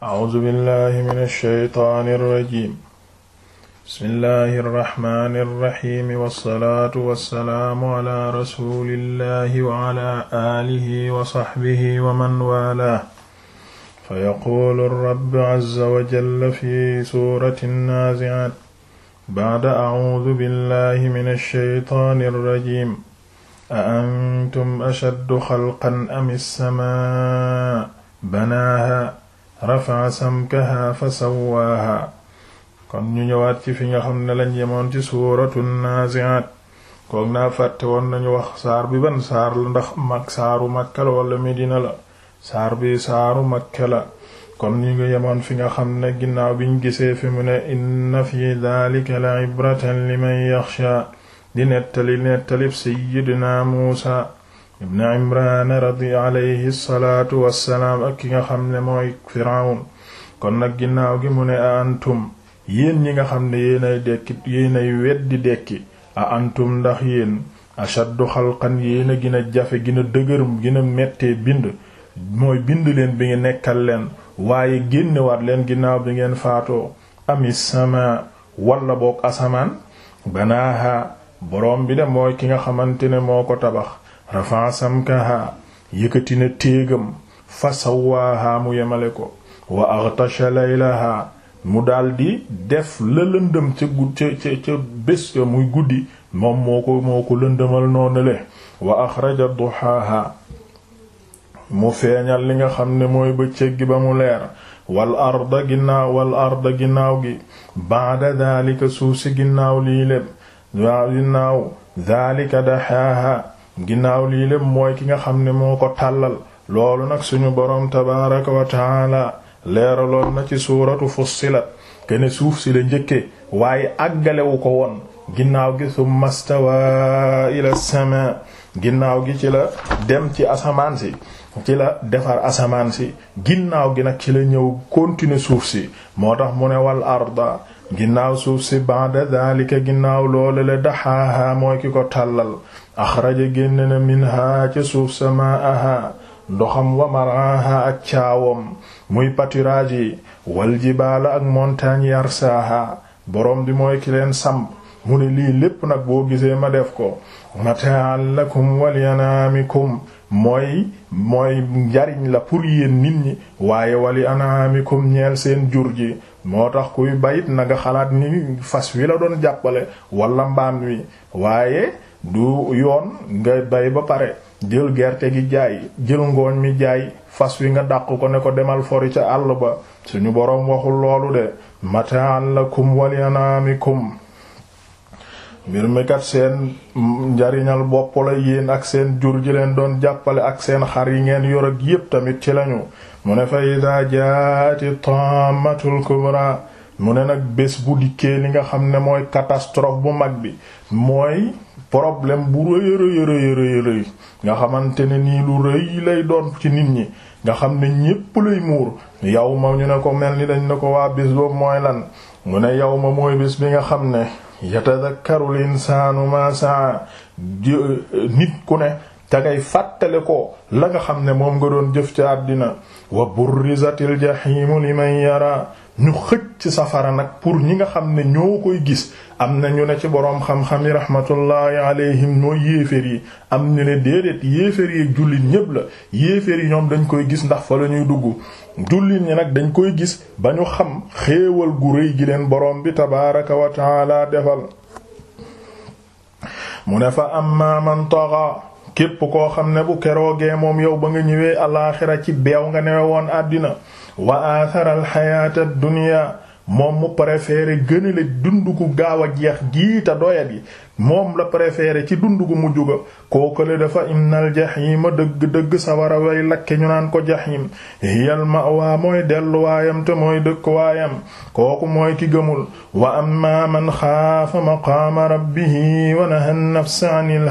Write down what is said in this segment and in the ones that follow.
A'uuzu billahi mina shaytaani rajiim. Bismillahi rahmaani rahiim. Wassalaatu wassalaamu ala rasuulillahi wa ala aalihi wa sahbihi wa man waalaahu. Fayaquulu rabbu azza wa jalla fi suurati naazi'aat. Ba'da a'uuzu billahi mina shaytaani rajiim. A antum ashaddu xalqan am as-samaa banaahaa rafa'a samkaha fa sawaaha kon ñu ñëwaat ci fi nga xam ne lañ yemoon ci suuratu nazi'aat koog naa fàtte woon nañu wax saar bi ban saar la ndax mak saaru Makka la wala Medina la saar bi saaru Makka kon ñu ngi yemoon fi nga xam ne ginnaaw bi ñu gisee fi mu ne inna fi daalika la ibratan liman yaxsha di nettali nettalib sayyidina Muusa ibn imran radi alayhi salaatu wassalaam ak ki nga xam ne mooy firawun kon nag ginnaaw gi mu ne a antum yéen ñi nga xam ne yéenay dekki yéenay weddi dekki a antum ndax yéen ashaddu xalqan yéen a gën jafe gën a dëgër gën a bind mooy bind leen bi ngeen nekkal leen waaye génnewaat leen ginnaaw bi ngeen faatoo ami sama walla boog asamaan banaaha borom bi de mooy ki nga xamante ne moo ko tabax rafa samkaha yëkkati na téegam fa mu yemale ko wa aghtasha laylaha mu daldi def la lëndëm ca muy guddi moom moo ko lëndëmal noonu le wa axraja duhaaha mu feeñal li nga xam ne mooy bëccëg gi ba mu leer wal arda ginnaaw wal arda ginnaaw gi baada daalika suuf si ginnaaw lii lépp waaw ginnaaw daalika dahaaha ginnaaw lii lépp mooy ki nga xam ne moo ko tàllal loolu nag suñu boroom tabaaraka wa taala leeraloon na ci suuratu fussilat kene suuf si la njëkkee waaye àggalewu ko woon ginnaaw gi summa stawaa ila samaa ginnaaw gi ci la dem ci asamaan si ci la defar asamaan si ginnaaw gi nag ci la ñëw continuer suuf si moo tax mu ne wal arda ginnaaw suuf si ba'da daalika ginnaaw loolu la daxaaha mooy ki ko tàllal axraja génne na minha ca suuf samaaha ndoxam wa ak caawam muy pâturage yi wal jibaala ak montagne yarsaaha boroom bi mooy ki leen sàmm mu ne lii lépp nag boo gisee ma def ko mataan lakum walianaamikum mooy mooy njariñ la pour yéen nit ñi waaye wali anaamikum ñeel seen jur ji moo tax kuy bayit na nga xalaat ni fas wi la doon jàppale wala mbaam wi waaye du yoon nga bay ba pare jël gerte gi jaay jël ngooñ mi jaay fas wi nga dàq ko ne ko demal fori ca àll ba suñu boroom waxul loolu de mataan lakum wali anaamikum mbir mi kat seen njariñal bopp la yéen ak seen jur ji leen doon jàppale ak seen xar yi ngeen yor ak yépp tamit ci lañu mu ne fa idaa jaati tammatul kubra mu ne nag bés bu dikkee li nga xam ne mooy catastrophe bu mag bi mooy problème bu rëy rëy rëy nga xamante ne nii lu rëy lay doon ci nit ñi nga xam ne ñépp lay muur yow ma ñu ne ko mel ni dañ ne ko waa bés boobu mooy lan mu ne yow ma mooy bés bi nga xam ne yatadakkarul insaanu ma saa euh, euh, nit ku ne te ngay fàttale ko la nga xam ne moom nga doon jëf ci àddina wa burrizatil jahimu liman yara ñu xëj ci safara nag pour ñi nga xam ne ñoo koy gis am na ñu ne ci boroom xam-xam yi rahmatullahi alayhim mooy yéeféer yi am ñu ne déedéet yéeféer yi jullit ñépp la yéeféer yi ñoom dañ koy gis ndax fa la ñuy dugg jullit ñi nag dañ koy gis ba ñu xam xéewal gu rëy gi leen boroom bi tabaaraka wa taala defal mu ne fa amma man képp koo xam ne bu keroogee moom yow ba nga ñëwee alaaxira ci beew nga newe woon àddina wa atharal xayaata dunya moom mu préféré gënale dund gu gaaw a jeex gii te doyat yi moom la préféré ci dund gu mujj ga kookale dafa innal jaxiima dëgg-dëgg sawara way lakke ñu naan ko jaxiim hiyal ma'wa mooy delluwaayam te mooy dëkkuwaayam kooku mooy ki gëmul wa amma man xaafa maqaama rabbihi wa naha an-nafsa 'anil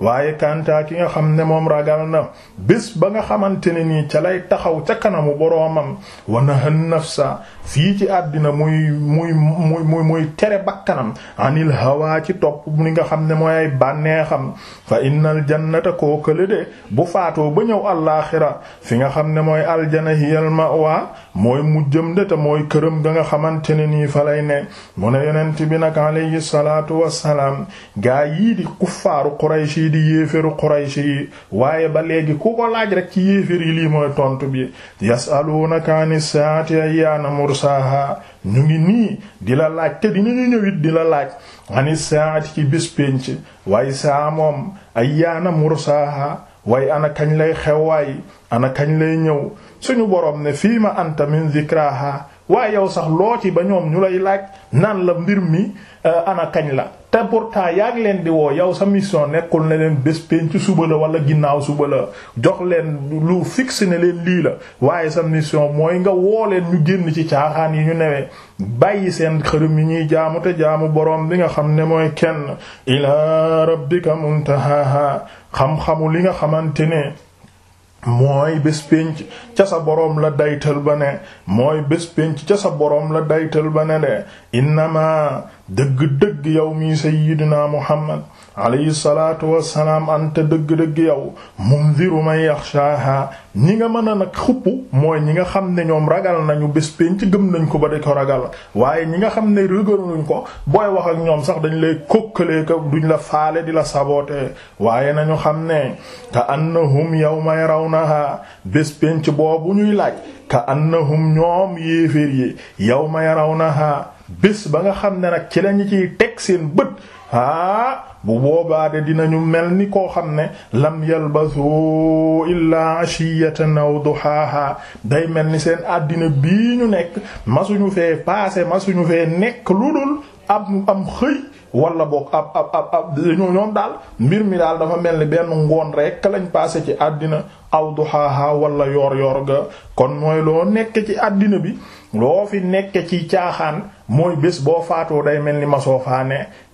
waaye kantaa ki nga xam ne moom ragal na bés ba nga xamante ne nii ca lay taxaw ca kanamu boroomam wanahan nafsa fii ci àddina muy muy muy muy muy tere bakkanam anil hawa ci topp ni nga xam ne mooy ay bànneexam fa innal jannata koo kële de bu faatoo ba ñëw àllaaxira fi nga xam ne mooy aljana hiyal ma'wa mooy mujjëm de te mooy këram ga nga xamante ne nii fa lay ne mu ne yonent bi nag alayhi salaatu wassalaam gaa yii di kuffaaru Qurayshi yi di yéeféru Quraysh yi waaye ba léegi ku ko laaj rek ci yéefér yi lii mooy tontu bi yasalunaka ani saati ayyaana mursaha ñu ngi nii di la laaj te dinañu ñëwit di la laaj ani saati ci bis pénc waaye saa moom ayyaana mursaha waaye ana kañ lay xewwaay ana kañ lay ñëw suñu boroom ne fiima anta min zikraha waaye yow sax loo ci ba ñoom ñu lay laaj naan la mbir mi euh, ana kañ la te pourtant yaa ngi leen di woo yow sa mission nekkul ne leen bés penc suba la wala ginnaaw suba la jox leen lu fixe ne leen lii la waaye sa mission mooy nga woo leen ñu génn ci caaxaan yi ñu newee bàyyi seen xërëm yi ñuy jaamu te jaamu boroom bi nga xam ne mooy kenn ilaa rabbika muntahaha xam-xamu li nga xamante ne mooy bés pénc ca sa boroom la daytal ba ne mooy bés pénc ca sa boroom la daytal ba ne de innama dëgg-dëgg yow mii sayyidina Muhammad alayhi salaatu wassalaam anta dëgg-dëgg yow munziru man yaxshaaha ñi nga mën a nag xupp mooy ñi nga xam ne ñoom ragal nañu bés pénc gëm nañ ko ba di ko ragal waaye ñi nga xam ne rëgaluñ ko booy wax ak ñoom sax dañu lay kokkalee ko duñ la faale di la saboote waaye nañu xam ne ka annahum yawma yarawnaha bés pénc boobu ñuy laaj ka annahum ñoom yéeféer yi yawma yarawnaha bés ba nga xam ne nag ci lañu ciy teg seen bët aa ah, bu boobaa de dinañu mel ni koo xam ne lam yalbasu illaa ashiyatan du duhaaha day mel ni seen àddina bii ñu nekk masuñu fee paase masuñu fee nekk lu dul ab am xëy wala boog ab ab ab ñoom daal mbir mi daal dafa mel ni benn ngoon rekk lañ paase ci àddina aw duhaaha wala yor yor ga kon mooy loo nekk ci àddina bi loo fi nekk ci caaxaan mooy bés boo faatoo day mel ni ma soo faa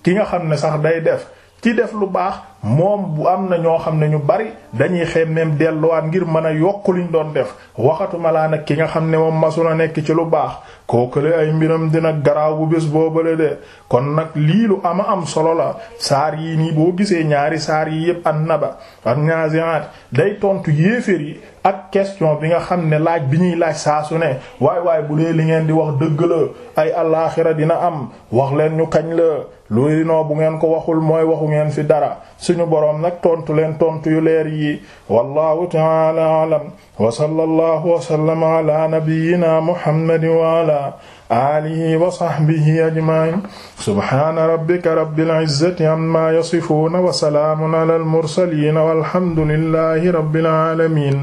ki nga xam ne sax day def ci def lu baax moom bu am na ñoo xam ne ñu bari dañuy xemmeem delluwaat ngir mën a yokk liñ doon def waxatuma laa nag ki nga xam ne moom masula nekk ci lu baax kookale ay mbiram dina garaaw bu bés boobale de kon nag lii lu ama am solo la saar yii nii boo gisee ñaari saar yi yépp an naba ak day tontu yéeféer yi ak question bi nga xam ne laaj bi ñuy laaj saasu ne waay waaye bu dee li ngeen di wax dëgg la ay alaaxira dina am wax leen ñu kañ la lu noo bu ngeen ko waxul mooy waxu ngeen fi dara suñu boroom nag tontu leen tontu yu leer yi wallahu ta'ala alam wa sallallahu wa sallama ala nabiyyina muhammadin wa ala alihi wa sahbihi ajma'in subhana rabbika rabbil izzati amma yasifuna wa salamun ala al mursalin walhamdulillahi rabbil alamin